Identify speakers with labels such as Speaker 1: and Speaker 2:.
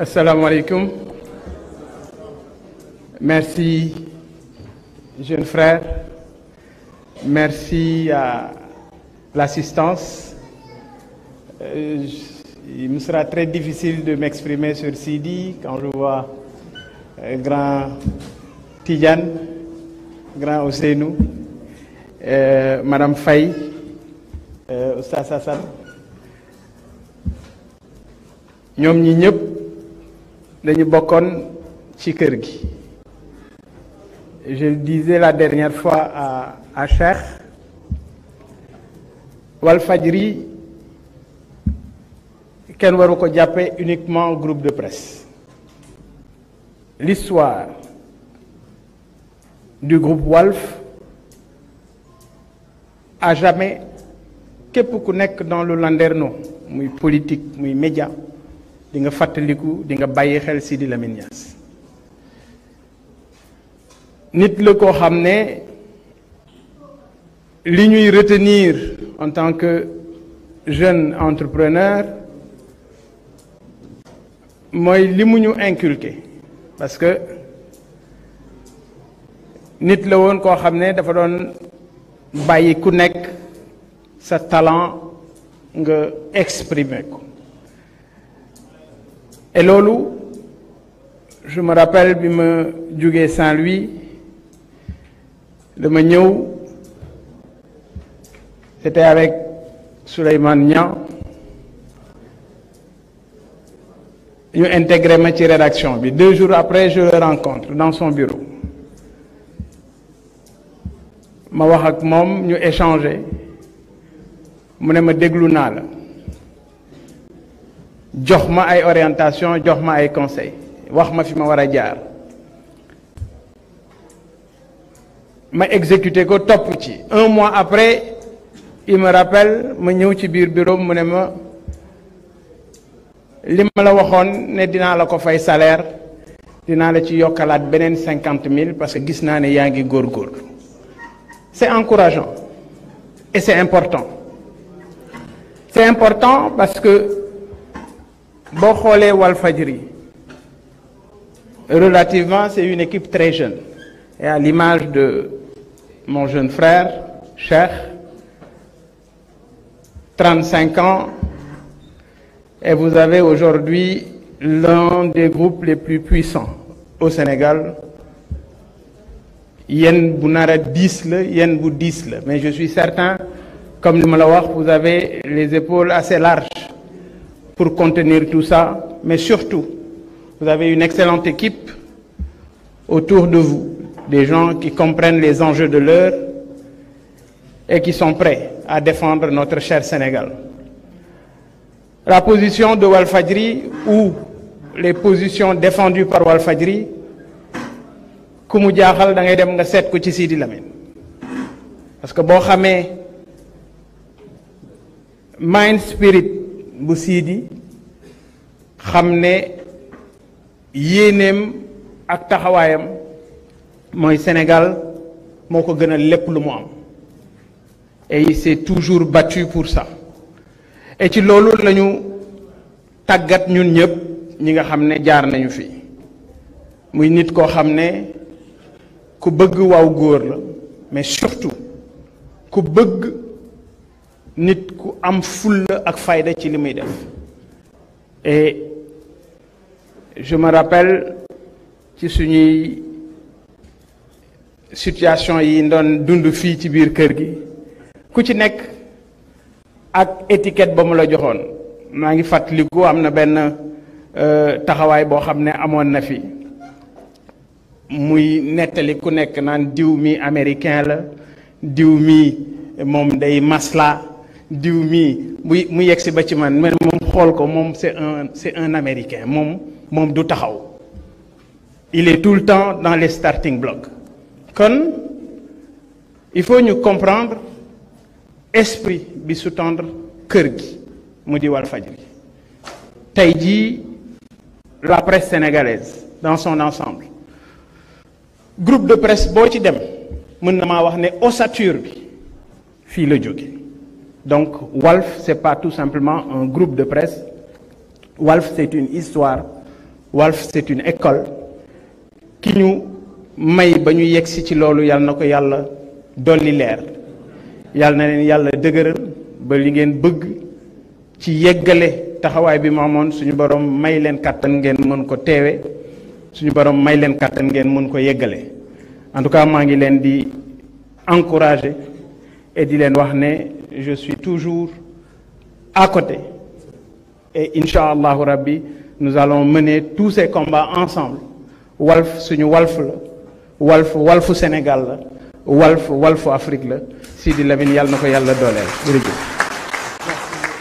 Speaker 1: Assalamu alaikum. Merci, jeune frère Merci à l'assistance. Euh, il me sera très difficile de m'exprimer sur Sidi quand je vois euh, grand Tidiane, grand Osenou, euh, Madame Faye, Oustas Hassan dañu bokkoon je le disais la dernière fois à à Cheikh fajri kenn waru ko uniquement groupe de presse l'histoire du groupe Wolf a jamais képp ku nekk dans le Landerno, muy politique muy média di nga fàttaliku di nga bàyyi xel nit la retenir en tant que jeune entrepreneur mooy li mu inculqué parce que nit la woon koo xam dafa doon ku sa talent nga exprimer ko et Loulou, je me rappelle bi me suis Saint-Louis le c'était avec Souleymane Il a intégré ma rédaction deux jours après je le rencontre dans son bureau Je wax ak nous ñu échanger mu me ma jox ma ay orientation jox ma ay conseil wax ma fi ma war a jaar ma exécuté ko topp ci un mois après il me rappelle ma ñëw ci biir bureau mu ne ma li ma la waxoon ne dinaa la ko fay salaire dinaa la ci yokkalaat beneen cinquante mille parce que gis naa ne yaa ngi góorgóorlu c'est encourageant et c'est important c'est important parce que relativement c'est une équipe très jeune et à l'image de mon jeune frère cher, 35 ans et vous avez aujourd'hui l'un des groupes les plus puissants au Sénégal Yen bu Disle, Yen Boudisle, mais je suis certain comme le Malawar, vous avez les épaules assez larges pour contenir tout ça, mais surtout, vous avez une excellente équipe autour de vous, des gens qui comprennent les enjeux de l'heure et qui sont prêts à défendre notre cher Sénégal. La position de Walfadri ou les positions défendues par Walfadri, parce que bon, mind spirit bu sidi xam ne ak taxawayam moy Sénégal moko ko lepp lu mu am et il s'est toujours battu pour ça et ci lolu lañu tagat ñun ñëpp ñi nga xam jaar nañu fi muy nit ko xam ku bëgg waw goor la mais surtout ku bëgg nit ku am fulla ak fayda ci limuy def et je me rappelle ci suñuy situation yi ndon dund fi ci biir kër gi ku ci nekk ak étiquette ba mu la joxoon maa ngi fàttaliku am na benn euh, taxawaay boo xam ne amoon na fi muy nettali ku nekk naan diw mi américain la diw mi moom day masla diw mii muy mu yegg si ba ci man man moom xool ko moom c'est un c'est un américain moom moom du taxaw il est tout le temps dans les starting blocks kon il faut ñu comprendre esprit bi sous-tendre kër gi mu di Walfadjri tey jii la presse sénégalaise dans son ensemble groupe de presse boo ci dem mën na maa wax ne ossature bi fii la jóge donc, WALF, ce n'est pas tout simplement un groupe de presse. WALF, c'est une histoire. WALF, c'est une école qui nous may ba ñu yegg si ci loolu yàlla na ko yàlla dolli leer yàlla y a le dëgëral ba li ngeen bëgg ci bug qui bi mu Tahawai suñu borom may leen kàttan ngeen mën ko teewe suñu borom may leen kàttan ngeen mën ko yeggale en tout cas mangi ngi leen di encourager et di leen wax je suis toujours à côté. Et Inch'Allah nous allons mener tous ces combats ensemble. Wolf, suñu walf Walf, Sénégal Wolf, Walf, Afrique Sidi Lamine nous